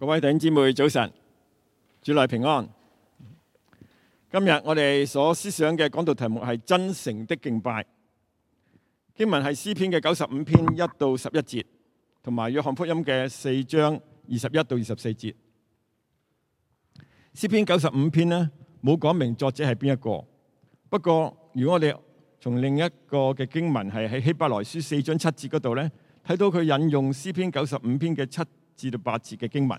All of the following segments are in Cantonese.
各位弟兄姊妹，早晨，主內平安。今日我哋所思想嘅講道題目係真誠的敬拜。經文係詩篇嘅九十五篇一到十一節，同埋約翰福音嘅四章二十一到二十四節。詩篇九十五篇呢，冇講明作者係邊一個。不過如果我哋從另一個嘅經文係喺希伯來書四章七節嗰度咧，睇到佢引用詩篇九十五篇嘅七。至到八節嘅經文，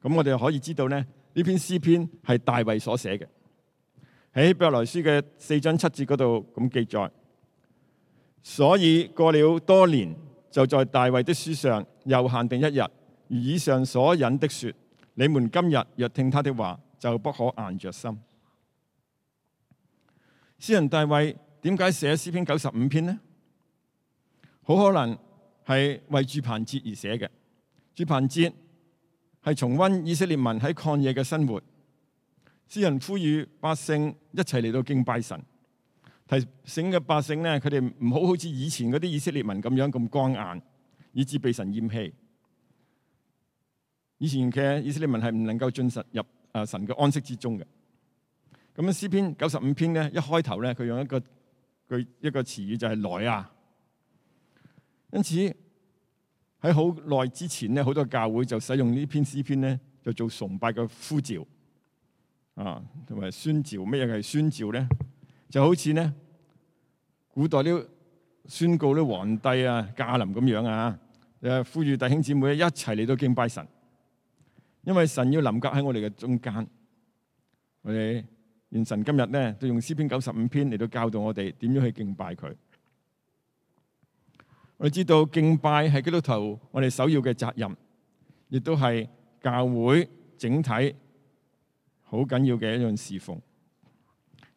咁我哋可以知道咧，呢篇詩篇係大衛所寫嘅，喺伯來書嘅四章七節嗰度咁記載。所以過了多年，就在大衛的書上又限定一日，如以上所引的說，你們今日若聽他的話，就不可硬着心。詩人大衛點解寫詩篇九十五篇呢？好可能係為住棚節而寫嘅。詩篇節係重溫以色列民喺曠野嘅生活，詩人呼籲百姓一齊嚟到敬拜神，提醒嘅百姓咧，佢哋唔好好似以前嗰啲以色列民咁樣咁光眼，以致被神厭棄。以前嘅以色列民係唔能夠進實入啊神嘅安息之中嘅。咁啊，詩篇九十五篇咧一開頭咧，佢用一個佢一個詞語就係、是、來啊，因此。喺好耐之前咧，好多教會就使用這篇詩篇呢篇詩篇咧，就做崇拜嘅呼召，啊，同埋宣召。咩嘢係宣召咧？就好似咧古代啲宣告啲皇帝啊、駕臨咁樣啊，誒，呼籲弟兄姊妹一齊嚟到敬拜神，因為神要臨格喺我哋嘅中間。我哋願神今日咧，都用詩篇九十五篇嚟到教導我哋點樣去敬拜佢。我哋知道敬拜係基督徒我哋首要嘅責任，亦都係教會整體好緊要嘅一樣侍奉。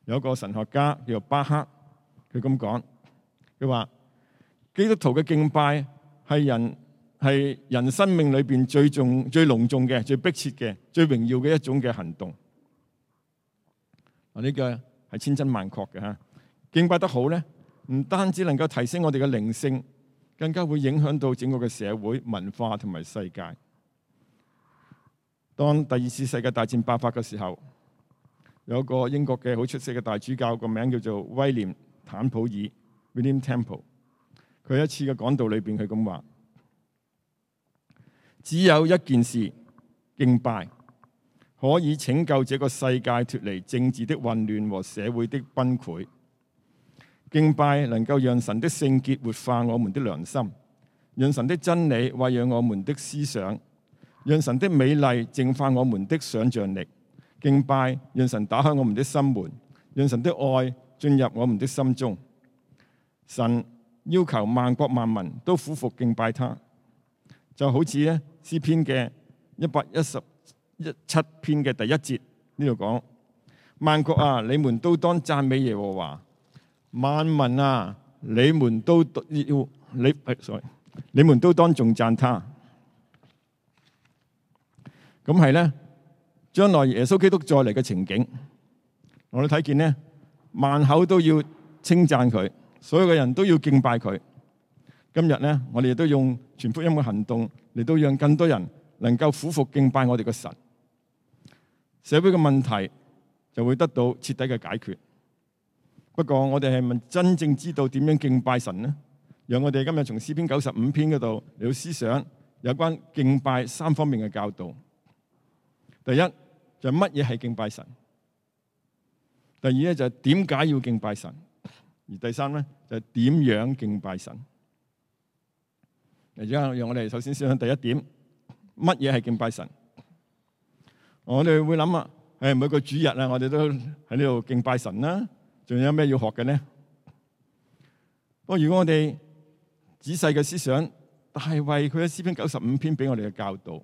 有一個神學家叫做巴克，佢咁講，佢話基督徒嘅敬拜係人係人生命裏邊最重最隆重嘅、最迫切嘅、最榮耀嘅一種嘅行動。啊，呢個係千真萬確嘅吓。敬拜得好咧，唔單止能夠提升我哋嘅靈性。更加會影響到整個嘅社會、文化同埋世界。當第二次世界大戰爆發嘅時候，有個英國嘅好出色嘅大主教，個名叫做威廉坦普爾 （William Temple）。佢一次嘅講道裏邊，佢咁話：「只有一件事，敬拜，可以拯救這個世界脫離政治的混亂和社會的崩潰。」敬拜能夠讓神的聖潔活化我們的良心，讓神的真理喂養我們的思想，讓神的美麗淨化我們的想象力。敬拜讓神打開我們的心門，讓神的愛進入我們的心中。神要求萬國萬民都俯伏敬拜他，就好似咧詩篇嘅一百一十七篇嘅第一節呢度講：萬國啊，你們都當讚美耶和華。萬民啊，你們都要你誒，sorry，你們都當眾讚他。咁係咧，將來耶穌基督再嚟嘅情景，我哋睇見咧，萬口都要稱讚佢，所有嘅人都要敬拜佢。今日咧，我哋亦都用全福音嘅行動嚟到讓更多人能夠俯伏敬拜我哋嘅神，社會嘅問題就會得到徹底嘅解決。不過我哋係咪真正知道點樣敬拜神呢？讓我哋今日從詩篇九十五篇嗰度嚟到思想有關敬拜三方面嘅教導。第一就係乜嘢係敬拜神？第二咧就係點解要敬拜神？而第三咧就係點樣敬拜神？而家讓我哋首先思想第一點：乜嘢係敬拜神？我哋會諗啊，誒，每個主日啊，我哋都喺呢度敬拜神啦。仲有咩要學嘅咧？不過如果我哋仔細嘅思想，大衛佢嘅詩篇九十五篇俾我哋嘅教導，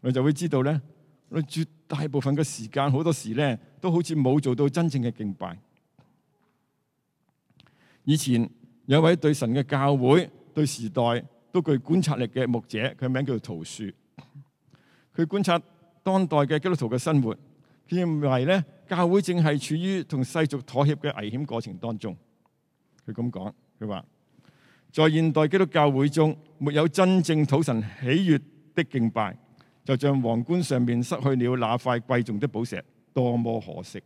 我就會知道咧，我絕大部分嘅時間好多時咧，都好似冇做到真正嘅敬拜。以前有一位對神嘅教會、對時代都具觀察力嘅牧者，佢名叫做陶恕，佢觀察當代嘅基督徒嘅生活。因為咧，教會正係處於同世俗妥協嘅危險過程當中。佢咁講，佢話：在現代基督教會中，沒有真正討神喜悅的敬拜，就像王冠上面失去了那塊貴重的寶石，多麼可惜。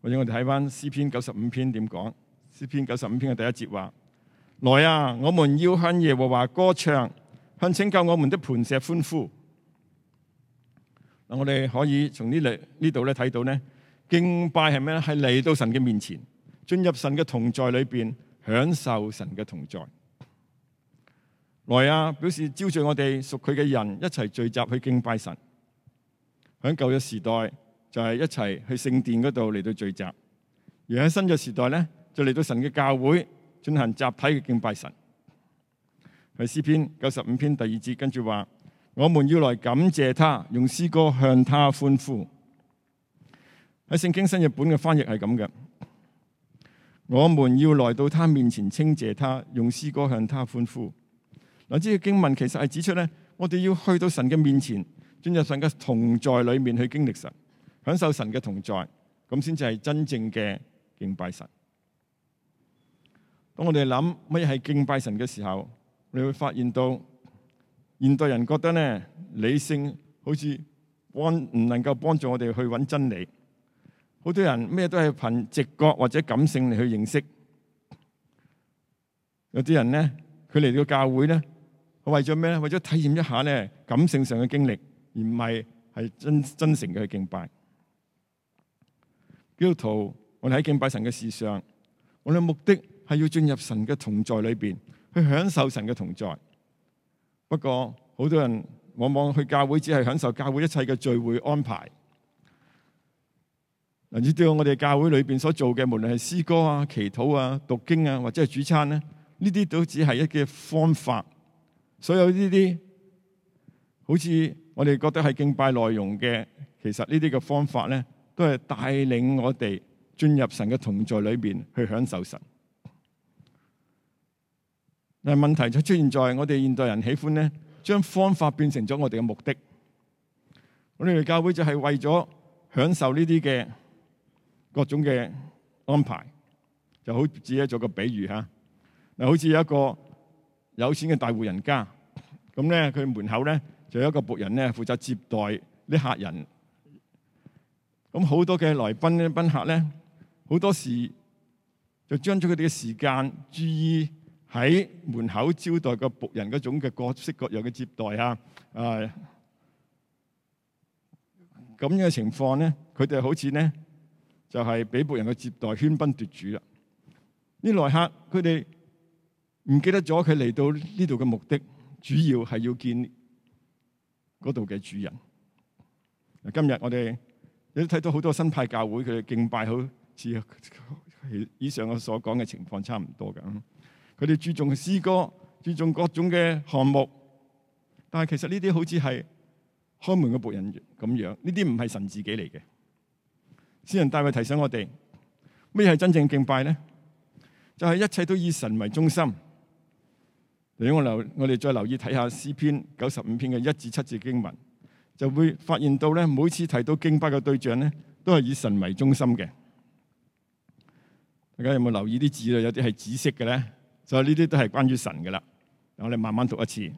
或者我哋睇翻詩篇九十五篇點講？詩篇九十五篇嘅第一節話：來啊，我們要向耶和華歌唱，向拯救我們的磐石歡呼。嗱，我哋可以從呢嚟呢度咧睇到咧，敬拜係咩咧？係嚟到神嘅面前，進入神嘅同在裏邊，享受神嘅同在。來啊！表示召聚我哋屬佢嘅人一齊聚集去敬拜神。喺舊嘅時代就係、是、一齊去聖殿嗰度嚟到聚集；而喺新嘅時代咧，就嚟到神嘅教會進行集體嘅敬拜神。係詩篇九十五篇第二節跟住話。我們要來感謝他，用詩歌向他歡呼。喺聖經新譯本嘅翻譯係咁嘅：我們要來到他面前稱謝他，用詩歌向他歡呼。嗱，呢個經文其實係指出咧，我哋要去到神嘅面前，進入神嘅同在裏面去經歷神，享受神嘅同在，咁先至係真正嘅敬拜神。當我哋諗乜嘢係敬拜神嘅時候，你會發現到。現代人覺得咧，理性好似幫唔能夠幫助我哋去搵真理，好多人咩都係憑直覺或者感性嚟去認識。有啲人咧，佢嚟到個教會咧係為咗咩咧？為咗體驗一下咧感性上嘅經歷，而唔係係真真誠嘅去敬拜。基督徒，我哋喺敬拜神嘅事上，我哋目的係要進入神嘅同在裏邊，去享受神嘅同在。不過，好多人往往去教會只係享受教會一切嘅聚會安排。嗱，至於我哋教會裏面所做嘅，無論係詩歌啊、祈禱啊、讀經啊，或者係主餐咧，呢啲都只係一啲方法。所有呢啲好似我哋覺得係敬拜內容嘅，其實呢啲嘅方法咧，都係帶領我哋進入神嘅同在裏面去享受神。但係問題就出現在我哋現代人喜歡咧，將方法變成咗我哋嘅目的。我哋嘅教會就係為咗享受呢啲嘅各種嘅安排，就好似做一個比喻吓。嗱，好似有一個有錢嘅大戶人家，咁咧佢門口咧就有一個僕人咧負責接待啲客人。咁好多嘅來賓賓客咧，好多時就將咗佢哋嘅時間注意，喺門口招待個僕人嗰種嘅各式各樣嘅接待啊，啊咁樣嘅情況咧，佢哋好似咧就係俾僕人嘅接待，喧賓奪主啦！啲來客佢哋唔記得咗佢嚟到呢度嘅目的，主要係要見嗰度嘅主人。今日我哋都睇到好多新派教會，佢哋敬拜好似以上我所講嘅情況差唔多噶。佢哋注重詩歌，注重各種嘅項目，但係其實呢啲好似係開門嘅僕人咁樣。呢啲唔係神自己嚟嘅。詩人大衛提醒我哋咩係真正的敬拜咧？就係、是、一切都以神為中心。嚟我們留我哋再留意睇下詩篇九十五篇嘅一至七節經文，就會發現到咧，每次提到敬拜嘅對象咧，都係以神為中心嘅。大家有冇留意啲字咧？有啲係紫色嘅咧。就呢啲都係關於神嘅啦，我哋慢慢讀一次。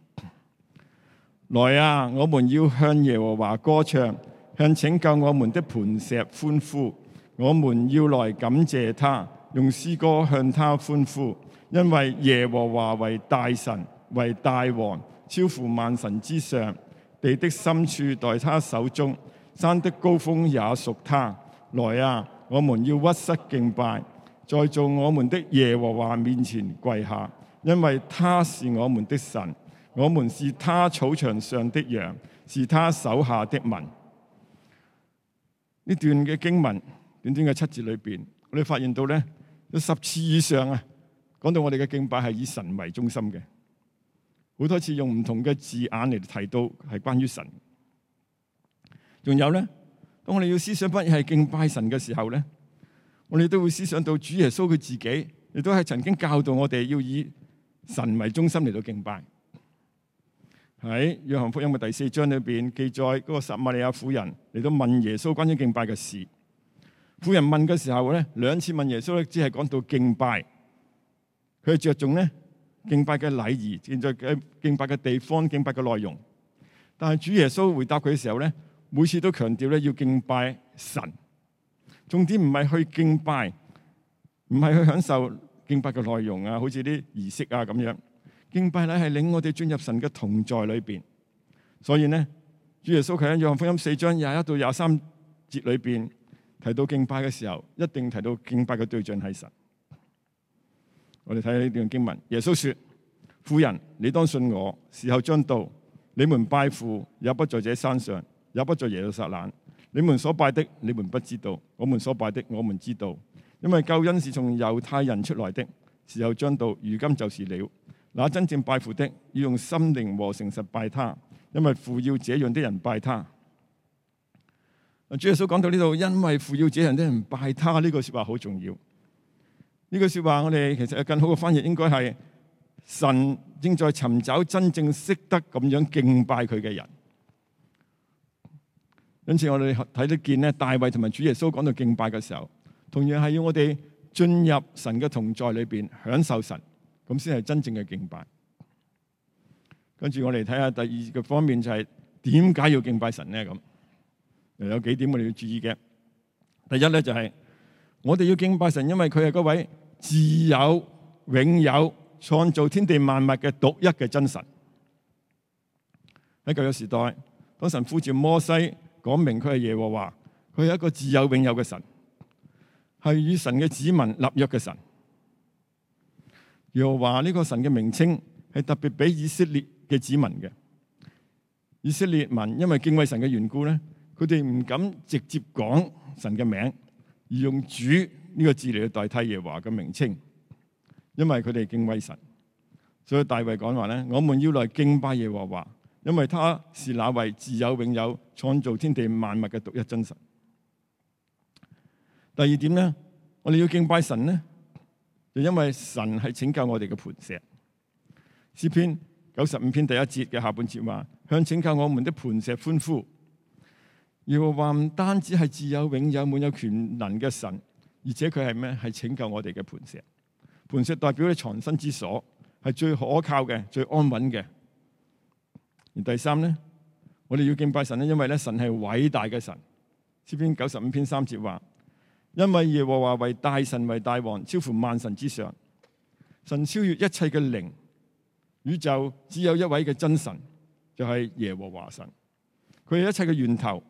來啊，我們要向耶和華歌唱，向拯救我們的磐石歡呼。我們要來感謝他，用詩歌向他歡呼，因為耶和華為大神，為大王，超乎萬神之上。地的深處在他手中，山的高峰也屬他。來啊，我們要屈膝敬拜。在做我們的耶和華面前跪下，因為他是我們的神，我們是他草場上的羊，是他手下的民。呢段嘅經文短短嘅七字裏邊，我哋發現到咧，有十次以上啊，講到我哋嘅敬拜係以神為中心嘅。好多次用唔同嘅字眼嚟，提到係關於神的。仲有咧，當我哋要思想不係敬拜神嘅時候咧，我哋都會思想到主耶穌佢自己，亦都係曾經教導我哋要以神為中心嚟到敬拜，係咪？約翰福音嘅第四章裏邊記載嗰個撒瑪利亞婦人嚟到問耶穌關於敬拜嘅事。婦人問嘅時候咧，兩次問耶穌咧，只係講到敬拜，佢着重咧敬拜嘅禮儀、現在嘅敬拜嘅地方、敬拜嘅內容。但係主耶穌回答佢嘅時候咧，每次都強調咧要敬拜神。重點唔係去敬拜，唔係去享受敬拜嘅內容啊，好似啲儀式啊咁樣。敬拜咧係領我哋進入神嘅同在裏邊。所以呢，主耶穌佢喺約翰福音四章廿一到廿三節裏邊提到敬拜嘅時候，一定提到敬拜嘅對象係神。我哋睇下呢段經文，耶穌說：婦人，你當信我，時候將到，你們拜父也不在這山上，也不在耶路撒冷。你們所拜的，你們不知道；我們所拜的，我們知道。因為救恩是從猶太人出來的，時候將到，如今就是了。那真正拜父的，要用心靈和誠實拜他，因為父要這樣的人拜他。主耶穌講到呢度，因為父要這樣的人拜他，呢句說話好重要。呢句說話，我哋其實有更好嘅翻譯，應該係神正在尋找真正識得咁樣敬拜佢嘅人。跟住我哋睇得見咧，大衛同埋主耶穌講到敬拜嘅時候，同樣係要我哋進入神嘅同在裏邊，享受神，咁先係真正嘅敬拜。跟住我哋睇下第二個方面，就係點解要敬拜神咧？咁有幾點我哋要注意嘅。第一咧就係我哋要敬拜神，因為佢係嗰位自有、永有、創造天地萬物嘅獨一嘅真神。喺舊約時代，當神呼召摩西。講明佢係耶和華，佢係一個自有、永有嘅神，係與神嘅子民立約嘅神。耶和華呢個神嘅名稱係特別俾以色列嘅子民嘅。以色列民因為敬畏神嘅緣故咧，佢哋唔敢直接講神嘅名，而用主呢個字嚟去代替耶和華嘅名稱，因為佢哋敬畏神。所以大衛講話咧，我們要來敬拜耶和華，因為他是那位自有、永有。創造天地萬物嘅獨一真神。第二點咧，我哋要敬拜神咧，就因為神係拯救我哋嘅磐石。詩篇九十五篇第一節嘅下半節話：向拯救我們的磐石歡呼。要話唔單止係自有、永有、滿有權能嘅神，而且佢係咩？係拯救我哋嘅磐石。磐石代表你藏身之所，係最可靠嘅、最安穩嘅。而第三咧。我哋要敬拜神咧，因為咧神係偉大嘅神。詩篇九十五篇三節話：因為耶和華為大神，為大王，超乎萬神之上。神超越一切嘅靈，宇宙只有一位嘅真神，就係耶和華神。佢係一切嘅源頭，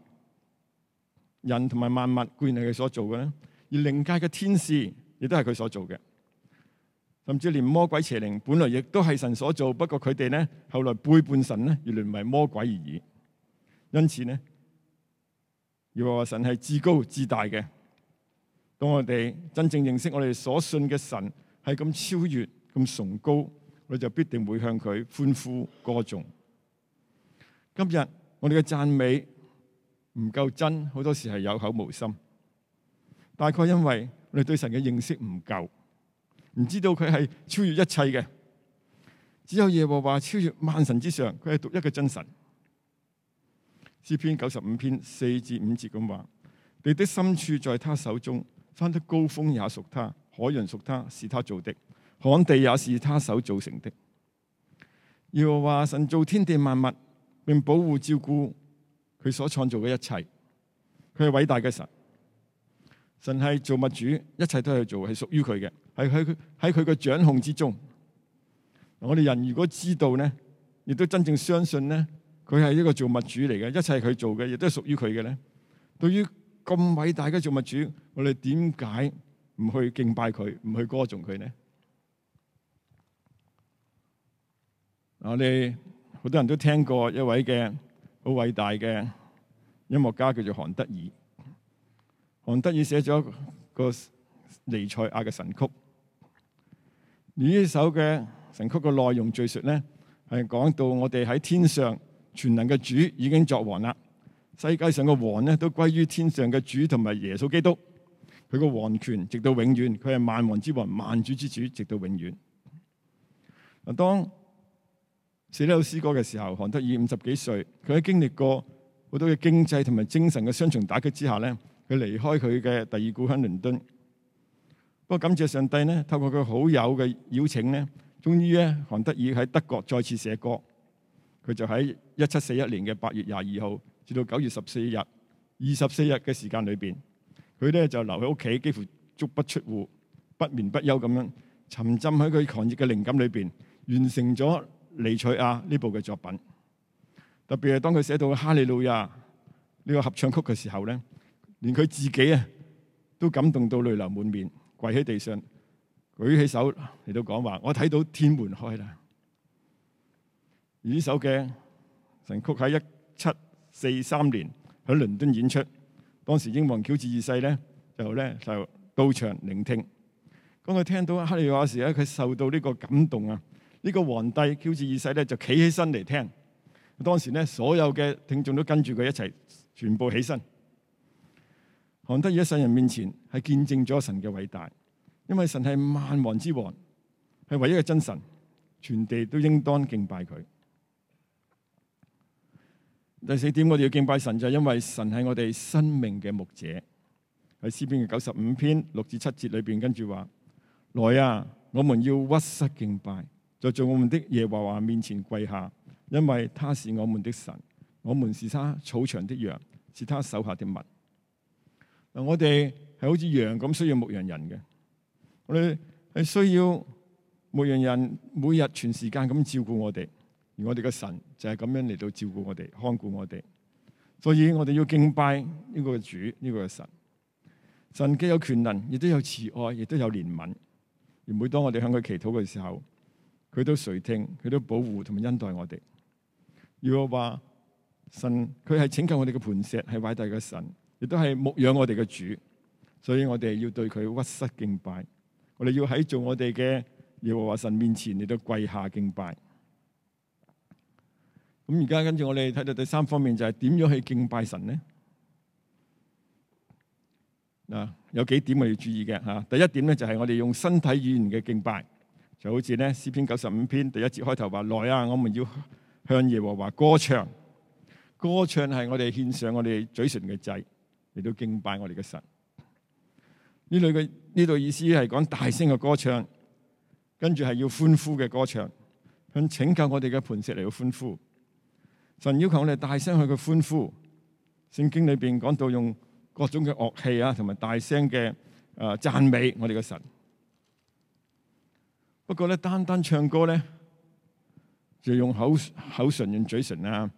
人同埋萬物固然係佢所做嘅，而靈界嘅天使亦都係佢所做嘅。甚至連魔鬼邪靈本來亦都係神所做，不過佢哋咧後來背叛神咧，而淪為魔鬼而已。因此呢，耶和華神係至高至大嘅。當我哋真正認識我哋所信嘅神係咁超越、咁崇高，我就必定會向佢歡呼歌頌。今日我哋嘅讚美唔夠真，好多時係有口無心，大概因為我哋對神嘅認識唔夠，唔知道佢係超越一切嘅。只有耶和華超越萬神之上，佢係獨一嘅真神。詩篇九十五篇四至五節咁話：地的深處在他手中，山的高峰也屬他，海洋屬他，是他做的，旱地也是他手造成的。要話神造天地萬物，並保護照顧佢所創造嘅一切，佢係偉大嘅神，神係造物主，一切都係做係屬於佢嘅，係喺喺佢嘅掌控之中。我哋人如果知道呢，亦都真正相信呢。佢係一個造物主嚟嘅，一切佢做嘅亦都係屬於佢嘅咧。對於咁偉大嘅造物主，我哋點解唔去敬拜佢，唔去歌頌佢呢？我哋好多人都聽過一位嘅好偉大嘅音樂家，叫做韓德爾。韓德爾寫咗個彌賽亞嘅神曲。呢一首嘅神曲嘅內容敘述咧，係講到我哋喺天上。全能嘅主已經作王啦，世界上嘅王呢都歸於天上嘅主同埋耶穌基督，佢個王權直到永遠，佢係萬王之王、萬主之主，直到永遠。嗱，當寫呢首詩歌嘅時候，韓德爾五十幾歲，佢喺經歷過好多嘅經濟同埋精神嘅雙重打擊之下咧，佢離開佢嘅第二故鄉倫敦。不過感謝上帝呢，透過佢好友嘅邀請終於呢，終於咧韓德爾喺德國再次寫歌。佢就喺一七四一年嘅八月廿二號至到九月十四日，二十四日嘅時間裏邊，佢咧就留喺屋企，幾乎足不出戶，不眠不休咁樣沉浸喺佢狂熱嘅靈感裏邊，完成咗《彌賽亞》呢部嘅作品。特別係當佢寫到《哈利路亞》呢、這個合唱曲嘅時候咧，連佢自己啊都感動到淚流滿面，跪喺地上，舉起手嚟到講話：我睇到天門開啦！而呢首嘅神曲喺一七四三年喺倫敦演出，當時英皇喬治二世咧就咧就到場聆聽，當佢聽到哈利路亞時，佢受到呢個感動啊！呢、這個皇帝喬治二世咧就企起身嚟聽。當時咧所有嘅聽眾都跟住佢一齊全部起身。韓德爾喺世人面前係見證咗神嘅偉大，因為神係萬王之王，係唯一嘅真神，全地都應當敬拜佢。第四點，我哋要敬拜神，就係因為神係我哋生命嘅牧者。喺詩篇嘅九十五篇六至七節裏邊，跟住話：來啊，我們要屈膝敬拜，在造我們的耶和華面前跪下，因為他是我們的神，我們是他草場的羊，是他手下的物。我哋係好似羊咁需要牧羊人嘅，我哋係需要牧羊人每日全時間咁照顧我哋。而我哋嘅神就係咁樣嚟到照顧我哋、看顧我哋，所以我哋要敬拜呢個主、呢個神。神既有權能，亦都有慈愛，亦都有憐憫。而每當我哋向佢祈禱嘅時候，佢都垂聽，佢都保護同埋恩待我哋。耶和華神，佢係拯救我哋嘅磐石，係偉大嘅神，亦都係牧養我哋嘅主。所以我哋要對佢屈膝敬拜。我哋要喺做我哋嘅耶和華神面前，嚟到跪下敬拜。咁而家跟住我哋睇到第三方面就係點樣去敬拜神呢？嗱，有幾點我哋要注意嘅吓。第一點咧就係我哋用身體語言嘅敬拜，就好似咧詩篇九十五篇第一節開頭話：來啊，我們要向耶和華歌唱。歌唱係我哋獻上我哋嘴唇嘅祭，嚟到敬拜我哋嘅神。呢類嘅呢度意思係講大聲嘅歌唱，跟住係要歡呼嘅歌唱，向拯救我哋嘅磐石嚟到歡呼。神要求我哋大聲向佢歡呼，聖經裏邊講到用各種嘅樂器啊，同埋大聲嘅誒讚美我哋嘅神。不過咧，單單唱歌咧，就用口口唇用嘴唇啊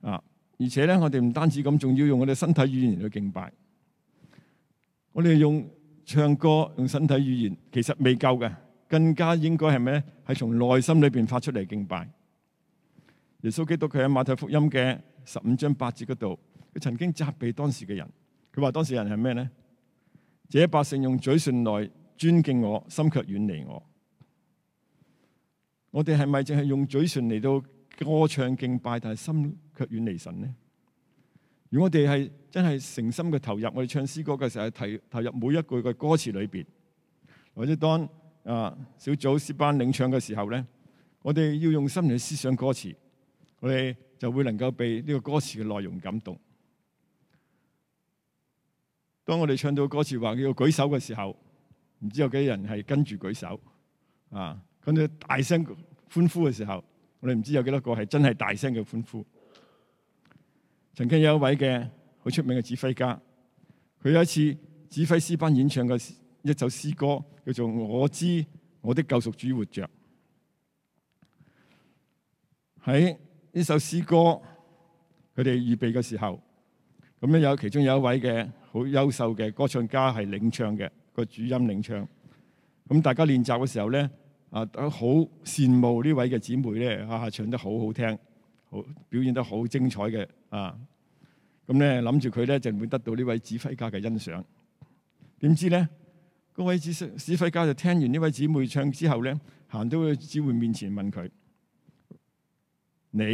啊！而且咧，我哋唔單止咁，仲要用我哋身體語言去敬拜。我哋用唱歌用身體語言，其實未夠嘅，更加應該係咩咧？係從內心裏邊發出嚟敬拜。耶穌基督佢喺馬太福音嘅十五章八節嗰度，佢曾經責備當時嘅人。佢話：當時人係咩咧？這百姓用嘴唇來尊敬我，心卻遠離我。我哋係咪淨係用嘴唇嚟到歌唱敬拜，但係心卻遠離神呢？如果我哋係真係誠心嘅投入，我哋唱詩歌嘅時候，提投入每一句嘅歌詞裏邊，或者當啊小組詩班領唱嘅時候咧，我哋要用心嚟思想歌詞。我哋就會能夠被呢個歌詞嘅內容感動。當我哋唱到歌詞話要舉手嘅時候，唔知有幾多人係跟住舉手啊？咁你大聲歡呼嘅時候，我哋唔知有幾多個係真係大聲嘅歡呼。曾經有一位嘅好出名嘅指揮家，佢有一次指揮詩班演唱嘅一首詩歌，叫做《我知我的救贖主活着》。喺呢首詩歌，佢哋預備嘅時候，咁咧有其中有一位嘅好優秀嘅歌唱家係領唱嘅個主音領唱。咁大家練習嘅時候咧，啊好羨慕呢位嘅姊妹咧，啊唱得好好聽，好表演得好精彩嘅啊。咁咧諗住佢咧就會得到呢位指揮家嘅欣賞。點知咧，嗰位指指揮家就聽完呢位姊妹唱之後咧，行到去指揮面前問佢。你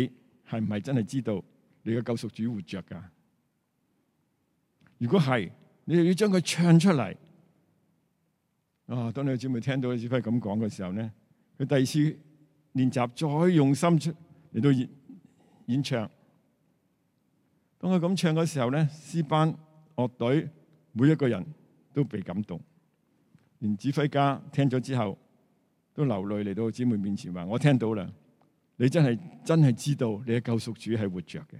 係唔係真係知道你嘅救贖主活着噶？如果係，你就要將佢唱出嚟。啊、哦！當你個姊妹聽到指揮咁講嘅時候咧，佢第二次練習再用心出嚟到演演唱。當佢咁唱嘅時候咧，詩班樂隊每一個人都被感動。連指揮家聽咗之後都流淚嚟到姊妹面前話：我聽到啦。你真係真係知道你嘅救贖主係活着嘅，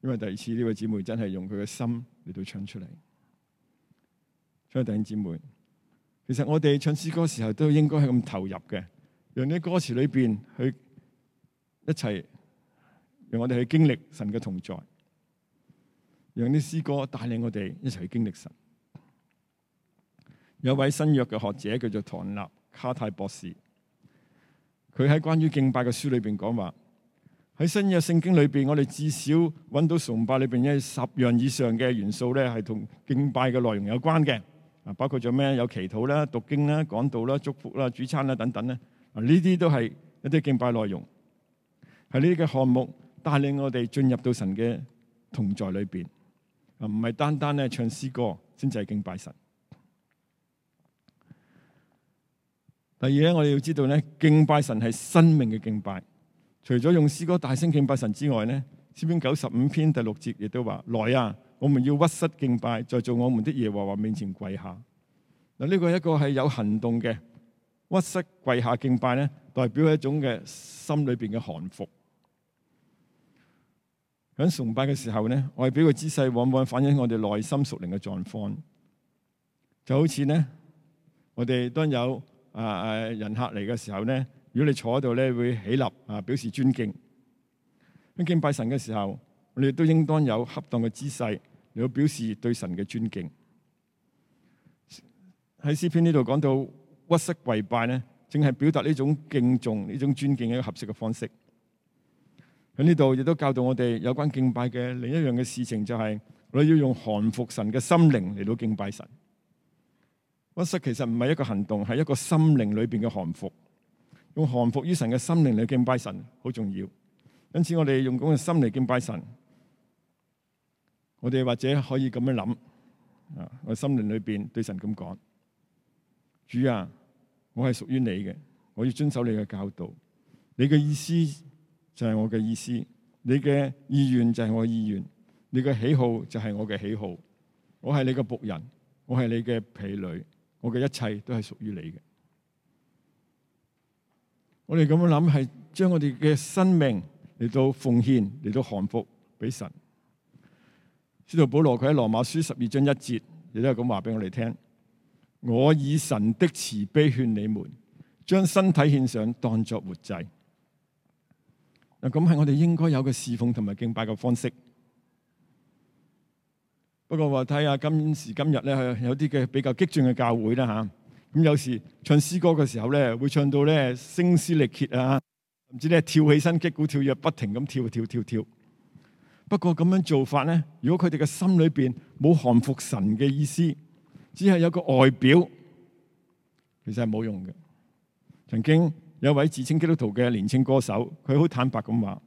因為第二次呢位姐妹真係用佢嘅心嚟到唱出嚟。所以，弟兄姊妹，其實我哋唱詩歌時候都應該係咁投入嘅，用啲歌詞裏邊去一齊，讓我哋去經歷神嘅同在，讓啲詩歌帶領我哋一齊去經歷神。有一位新約嘅學者叫做唐納卡泰博士。佢喺關於敬拜嘅書裏邊講話，喺新約聖經裏邊，我哋至少揾到崇拜裏邊嘅十樣以上嘅元素咧，係同敬拜嘅內容有關嘅。啊，包括咗咩？有祈禱啦、讀經啦、講道啦、祝福啦、主餐啦等等咧。啊，呢啲都係一啲敬拜內容，係呢啲嘅項目帶領我哋進入到神嘅同在裏邊。啊，唔係單單咧唱詩歌先至係敬拜神。第二咧，我哋要知道咧，敬拜神係生命嘅敬拜。除咗用詩歌大聲敬拜神之外咧，詩篇九十五篇第六節亦都話：來啊，我們要屈膝敬拜，在造我們的耶和華面前跪下。嗱，呢個一個係有行動嘅屈膝跪下敬拜咧，代表一種嘅心裏邊嘅降服。喺崇拜嘅時候咧，外表嘅姿勢往往反映我哋內心屬靈嘅狀況。就好似咧，我哋當有。啊！人客嚟嘅時候咧，如果你坐喺度咧，會起立啊，表示尊敬。敬拜神嘅時候，我哋都應當有恰當嘅姿勢，嚟到表示對神嘅尊敬。喺詩篇呢度講到屈膝跪拜咧，正係表達呢種敬重、呢種尊敬嘅一個合適嘅方式。喺呢度亦都教導我哋有關敬拜嘅另一樣嘅事情，就是，就係我哋要用降服神嘅心靈嚟到敬拜神。我說其實唔係一個行動，係一個心靈裏邊嘅降服。用降服於神嘅心靈嚟敬拜神，好重要。因此我哋用咁嘅心靈敬拜神。我哋或者可以咁樣諗，啊，我心靈裏邊對神咁講：主啊，我係屬於你嘅，我要遵守你嘅教導。你嘅意思就係我嘅意思，你嘅意願就係我嘅意願，你嘅喜好就係我嘅喜好。我係你嘅僕人，我係你嘅婢女。我嘅一切都係屬於你嘅。我哋咁樣諗，係將我哋嘅生命嚟到奉獻，嚟到降服俾神。使徒保羅佢喺羅馬書十二章一節，亦都係咁話俾我哋聽：我以神的慈悲勸你們，將身體獻上，當作活祭。嗱，咁係我哋應該有嘅侍奉同埋敬拜嘅方式。不過話睇下今時今日咧，係有啲嘅比較激進嘅教會啦。嚇、啊，咁有時唱詩歌嘅時候咧，會唱到咧聲嘶力竭啊，甚至咧跳起身，擊鼓跳躍，不停咁跳跳跳跳。不過咁樣做法咧，如果佢哋嘅心裏邊冇降服神嘅意思，只係有個外表，其實係冇用嘅。曾經有一位自稱基督徒嘅年青歌手，佢好坦白咁話，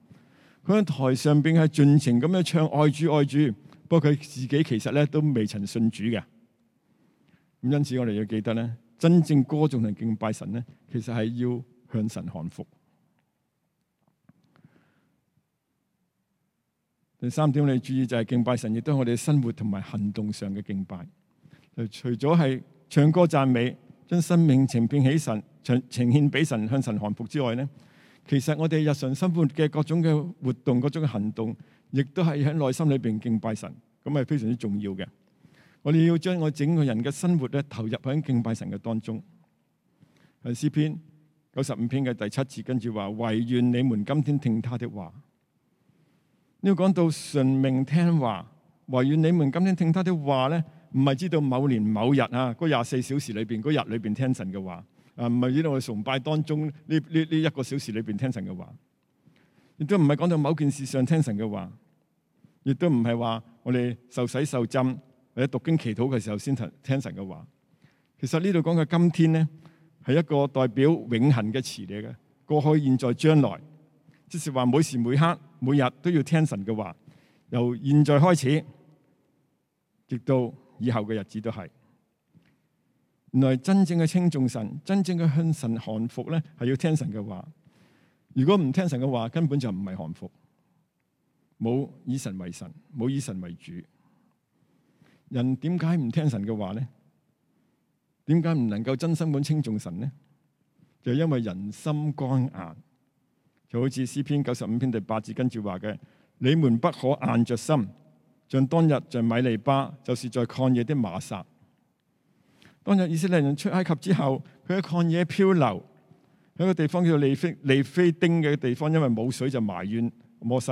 佢喺台上邊係盡情咁樣唱愛主愛主。不過佢自己其實咧都未曾信主嘅，咁因此我哋要記得咧，真正歌頌同敬拜神咧，其實係要向神降服。第三點，我哋注意就係敬拜神，亦都係我哋生活同埋行動上嘅敬拜。除咗係唱歌讚美，將生命呈獻起神，呈呈獻俾神、向神降服之外咧，其實我哋日常生活嘅各種嘅活動、各種嘅行動。亦都係喺內心裏邊敬拜神，咁係非常之重要嘅。我哋要將我整個人嘅生活咧投入喺敬拜神嘅當中。詩篇九十五篇嘅第七節，跟住話：唯願你們今天聽他的話。呢個講到順命聽話，唯願你們今天聽他的話咧，唔係知道某年某日啊，嗰廿四小時裏邊嗰日裏邊聽神嘅話，啊，唔係知道我哋崇拜當中呢呢呢一個小時裏邊聽神嘅話。亦都唔係講到某件事上聽神嘅話，亦都唔係話我哋受洗受浸或者讀經祈禱嘅時候先聽神嘅話。其實呢度講嘅今天咧，係一個代表永恆嘅詞嚟嘅，過去、現在、將來，即是話每時每刻、每日都要聽神嘅話，由現在開始，直到以後嘅日子都係。原來真正嘅稱頌神、真正嘅向神降服咧，係要聽神嘅話。如果唔聽神嘅話，根本就唔係降服。冇以神為神，冇以神為主。人點解唔聽神嘅話咧？點解唔能夠真心咁尊重神咧？就因為人心剛硬，就好似詩篇九十五篇第八字跟住話嘅：你們不可硬着心，像當日在米利巴，就是在曠野的瑪撒。當日以色列人出埃及之後，佢喺曠野漂流。有個地方叫做利非利菲丁嘅地方，因為冇水就埋怨摩西。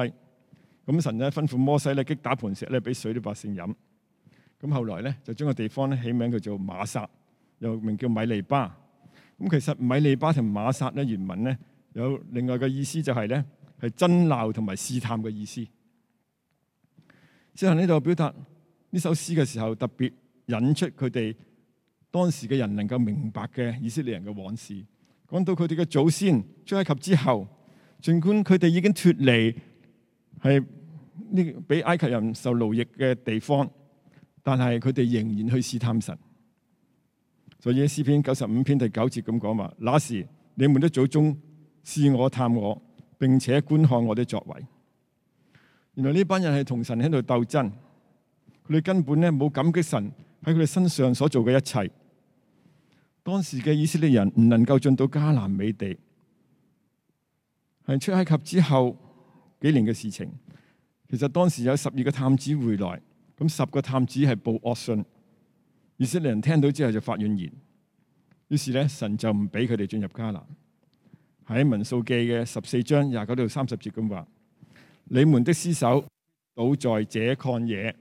咁神咧吩咐摩西咧擊打磐石咧，俾水啲百姓飲。咁後來咧就將個地方咧起名叫做馬薩，又名叫米利巴。咁其實米利巴同馬薩咧原文咧有另外嘅意，意思，就係咧係爭鬧同埋試探嘅意思。之後呢度表達呢首詩嘅時候，特別引出佢哋當時嘅人能夠明白嘅以色列人嘅往事。講到佢哋嘅祖先出埃及之後，儘管佢哋已經脫離係呢俾埃及人受奴役嘅地方，但係佢哋仍然去試探神。所以詩篇九十五篇第九節咁講話：那時你們都祖宗試我探我，並且觀看我的作為。原來呢班人係同神喺度鬥爭，佢哋根本咧冇感激神喺佢哋身上所做嘅一切。當時嘅以色列人唔能夠進到迦南美地，係出埃及之後幾年嘅事情。其實當時有十二個探子回來，咁十個探子係報惡信，以色列人聽到之後就發怨言。於是咧，神就唔俾佢哋進入迦南。喺民數記嘅十四章廿九到三十節咁話：你們的屍首倒在這曠野。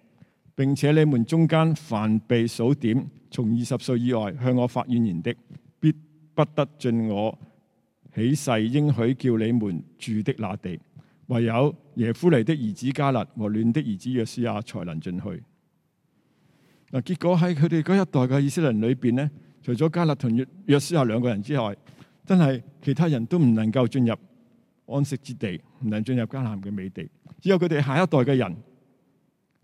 並且你們中間凡被數點從二十歲以外向我發怨言的，必不得進我起誓應許叫你們住的那地；唯有耶夫尼的兒子加勒和嫩的兒子約書亞才能進去。嗱，結果喺佢哋嗰一代嘅以色列人裏邊呢，除咗加勒同約約書亞兩個人之外，真係其他人都唔能夠進入安息之地，唔能進入迦南嘅美地。只有佢哋下一代嘅人。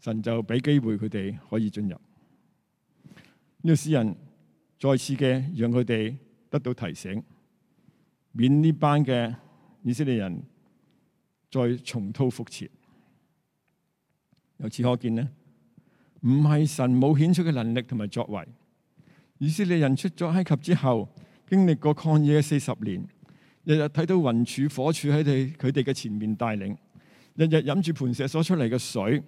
神就俾機會佢哋可以進入呢個詩人再次嘅，讓佢哋得到提醒，免呢班嘅以色列人再重蹈覆轍。由此可見呢，唔係神冇顯出嘅能力同埋作為。以色列人出咗埃及之後，經歷過曠野嘅四十年，日日睇到雲柱火柱喺哋佢哋嘅前面帶領，日日飲住磐石所出嚟嘅水。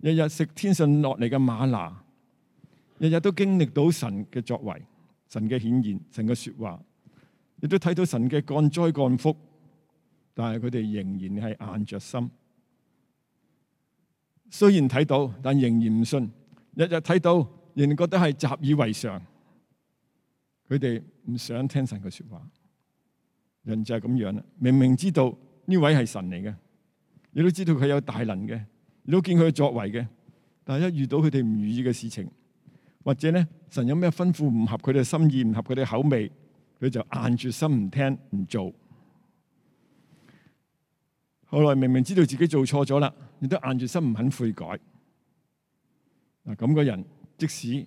日日食天上落嚟嘅馬拿，日日都經歷到神嘅作為、神嘅顯現、神嘅說話，亦都睇到神嘅降災降福，但係佢哋仍然係硬着心。雖然睇到，但仍然唔信。日日睇到，仍然覺得係習以為常。佢哋唔想聽神嘅說話。人就係咁樣啦，明明知道呢位係神嚟嘅，亦都知道佢有大能嘅。你都見佢嘅作為嘅，但係一遇到佢哋唔如意嘅事情，或者咧神有咩吩咐唔合佢哋心意、唔合佢哋口味，佢就硬住心唔聽唔做。後來明明知道自己做錯咗啦，亦都硬住心唔肯悔改。嗱，咁嘅人，即使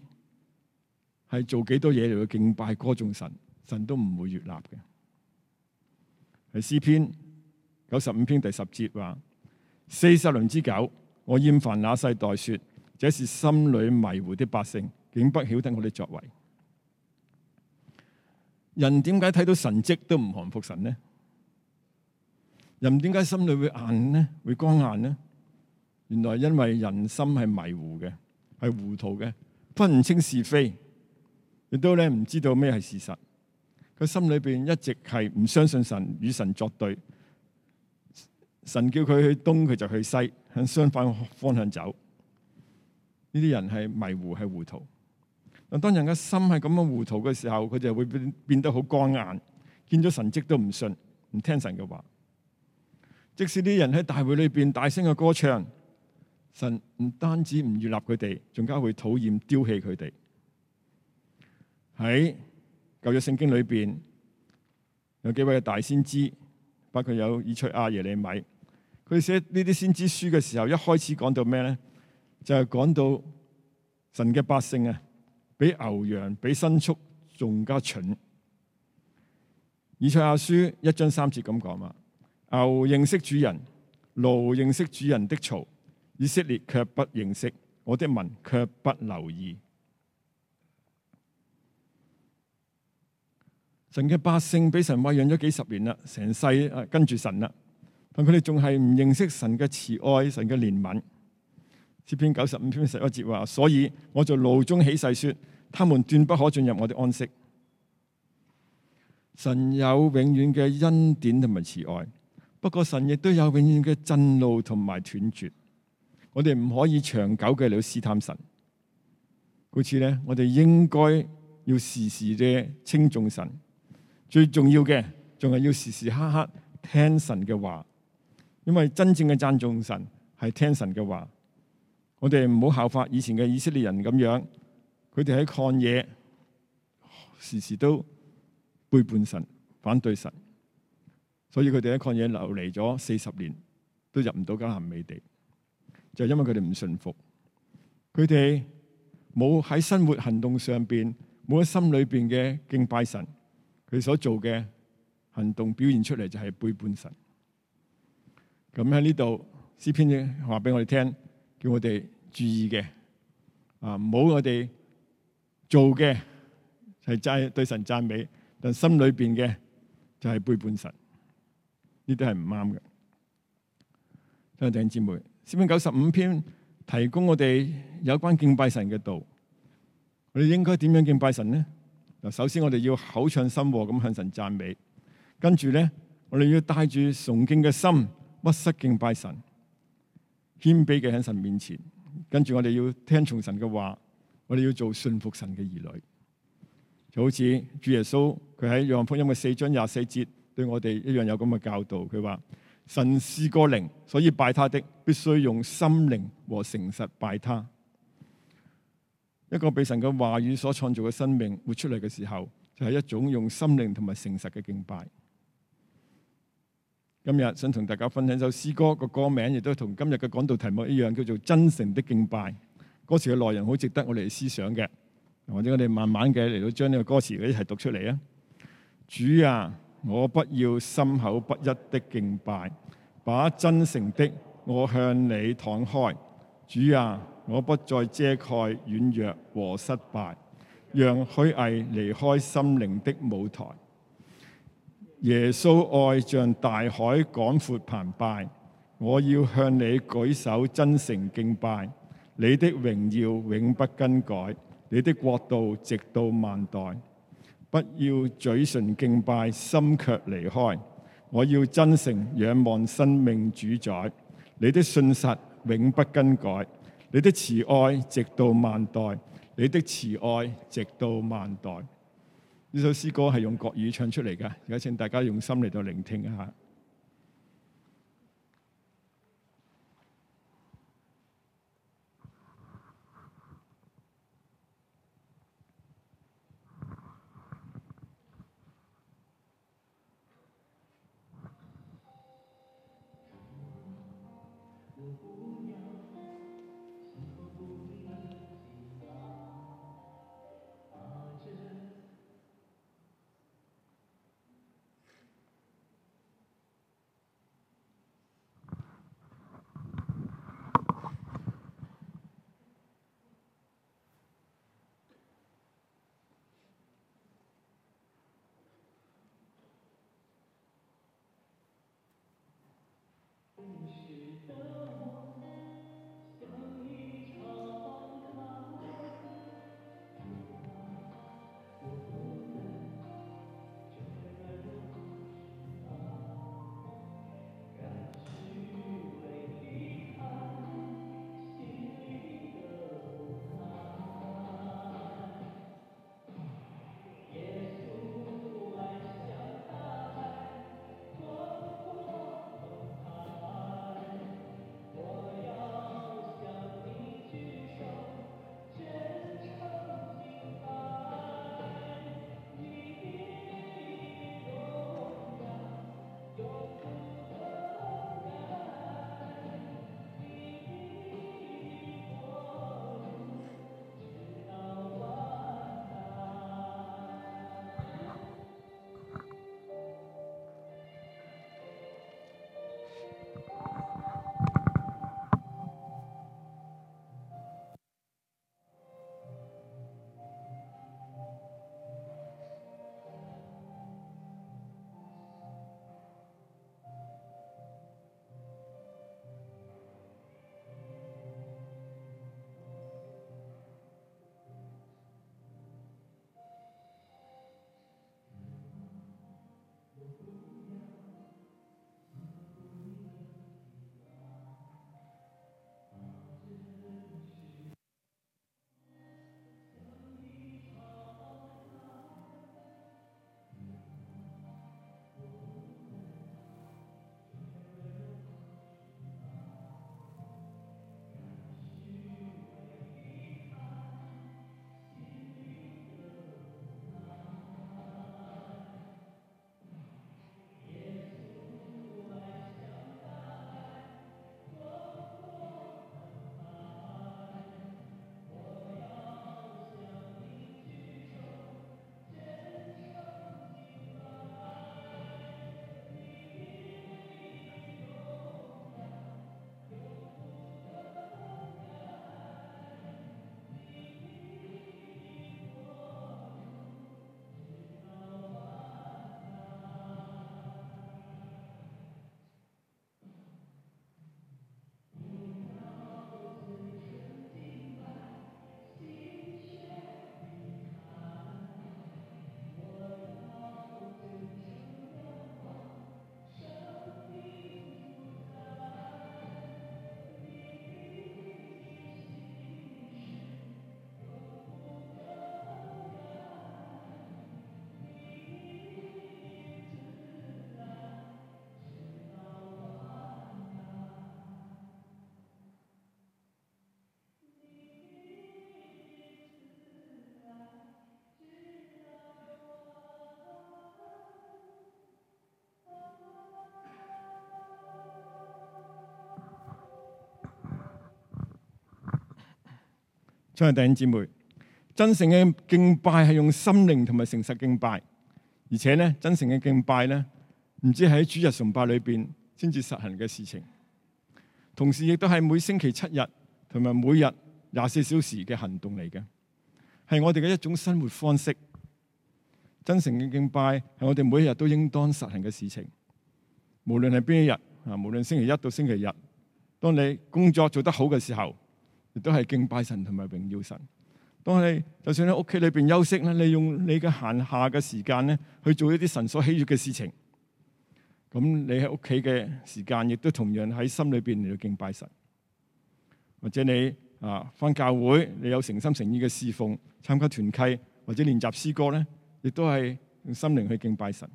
係做幾多嘢嚟去敬拜歌頌神，神都唔會悅納嘅。係詩篇九十五篇第十節話：四十年之久。我厭煩那世代說，這是心裏迷糊的百姓，竟不曉得我的作為。人點解睇到神蹟都唔降服神呢？人點解心裏會硬呢？會剛硬呢？原來因為人心係迷糊嘅，係糊塗嘅，分唔清是非，亦都咧唔知道咩係事實。佢心裏邊一直係唔相信神，與神作對。神叫佢去東，佢就去西，向相反方向走。呢啲人係迷糊，係糊塗。但當人嘅心係咁樣糊塗嘅時候，佢就會變變得好剛硬，見咗神蹟都唔信，唔聽神嘅話。即使啲人喺大會裏邊大聲嘅歌唱，神唔單止唔悅納佢哋，仲加會討厭、丟棄佢哋。喺舊約聖經裏邊，有幾位嘅大先知。包括有以賽亞、耶利米，佢寫呢啲先知書嘅時候，一開始講到咩咧？就係、是、講到神嘅百姓啊，比牛羊、比牲畜仲加蠢。以賽亞書一章三節咁講啊，牛認識主人，驢認識主人的槽，以色列卻不認識，我的民卻不留意。神嘅百姓俾神餵養咗幾十年啦，成世啊跟住神啦，但佢哋仲係唔認識神嘅慈愛、神嘅憐憫。詩篇九十五篇十一節話：所以我就怒中起誓說，他們斷不可進入我的安息。神有永遠嘅恩典同埋慈愛，不過神亦都有永遠嘅震怒同埋斷絕。我哋唔可以長久嘅去試探神。故此咧，我哋應該要時時嘅稱頌神。最重要嘅仲係要時時刻刻聽神嘅話，因為真正嘅讚頌神係聽神嘅話。我哋唔好效法以前嘅以色列人咁樣，佢哋喺曠野時時都背叛神、反對神，所以佢哋喺曠野流離咗四十年，都入唔到迦南美地，就是，因為佢哋唔順服，佢哋冇喺生活行動上邊冇喺心裏邊嘅敬拜神。佢所做嘅行動表現出嚟就係背叛神。咁喺呢度詩篇話俾我哋聽，叫我哋注意嘅，啊，唔好我哋做嘅係齋對神讚美，但心裏邊嘅就係背叛神，呢啲係唔啱嘅。弟兄姊妹，詩篇九十五篇提供我哋有關敬拜神嘅道，我哋應該點樣敬拜神呢？嗱，首先我哋要口唱心和咁向神贊美。跟住咧我哋要帶住崇敬嘅心屈膝敬拜神，謙卑嘅喺神面前，跟住我哋要聽從神嘅話，我哋要做信服神嘅兒女。就好似主耶穌佢喺《約翰福音》嘅四章廿四節對我哋一樣有咁嘅教導，佢話，神是個靈，所以拜他的必須用心靈和誠實拜他。一個被神嘅話語所創造嘅生命活出嚟嘅時候，就係一種用心靈同埋誠實嘅敬拜。今日想同大家分享一首詩歌，個歌名亦都同今日嘅講道題目一樣，叫做《真誠的敬拜》。歌詞嘅內容好值得我哋思想嘅，或者我哋慢慢嘅嚟到將呢個歌詞一齊讀出嚟啊！主啊，我不要心口不一的敬拜，把真誠的我向你敞開，主啊。我不再遮蓋軟弱和失敗，讓虛偽離開心靈的舞台。耶穌愛像大海廣闊澎湃，我要向你舉手真誠敬拜。你的榮耀永不更改，你的國度直到萬代。不要嘴唇敬拜，心卻離開，我要真誠仰望生命主宰。你的信實永不更改，你的慈愛直到萬代，你的慈愛直到萬代。呢首詩歌係用國語唱出嚟嘅，而家請大家用心嚟到聆聽一下。都係弟兄姊妹，真誠嘅敬拜係用心靈同埋誠實敬拜，而且咧真誠嘅敬拜咧，唔止係喺主日崇拜裏邊先至實行嘅事情，同時亦都係每星期七日同埋每日廿四小時嘅行動嚟嘅，係我哋嘅一種生活方式。真誠嘅敬拜係我哋每一日都應當實行嘅事情，無論係邊一日啊，無論星期一到星期日，當你工作做得好嘅時候。亦都係敬拜神同埋榮耀神。當你就算喺屋企裏邊休息咧，你用你嘅閒暇嘅時間咧去做一啲神所喜悅嘅事情，咁你喺屋企嘅時間亦都同樣喺心裏邊嚟到敬拜神。或者你啊翻教會，你有誠心誠意嘅侍奉、參加團契或者練習詩歌咧，亦都係用心靈去敬拜神。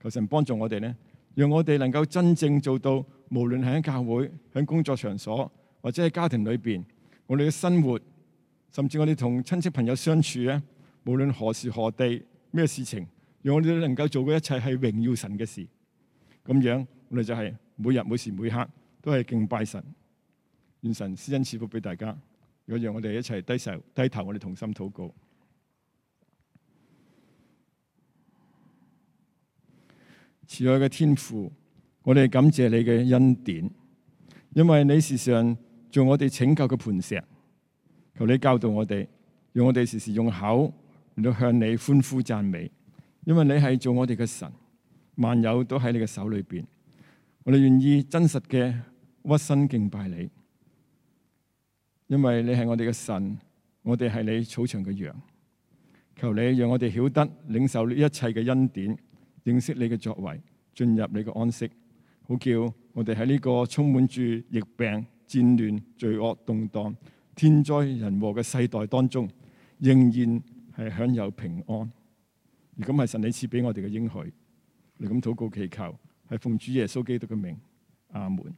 求神幫助我哋咧，讓我哋能夠真正做到，無論喺教會、喺工作場所或者喺家庭裏邊。我哋嘅生活，甚至我哋同親戚朋友相處咧，無論何時何地，咩事情，讓我哋都能夠做嘅一切係榮耀神嘅事。咁樣，我哋就係每日每時每刻都係敬拜神，願神施恩賜福俾大家。如果讓我哋一齊低低頭，低頭我哋同心禱告。慈愛嘅天父，我哋感謝你嘅恩典，因為你時常。做我哋拯救嘅磐石，求你教導我哋，讓我哋時時用口嚟到向你歡呼讚美，因為你係做我哋嘅神，萬有都喺你嘅手裏邊。我哋願意真實嘅屈身敬拜你，因為你係我哋嘅神，我哋係你草場嘅羊。求你讓我哋曉得領受呢一切嘅恩典，認識你嘅作為，進入你嘅安息。好叫我哋喺呢個充滿住疫病。戰亂、罪惡、動盪、天災人禍嘅世代當中，仍然係享有平安。如今係神你賜俾我哋嘅應許。如此禱告祈求，係奉主耶穌基督嘅名。阿門。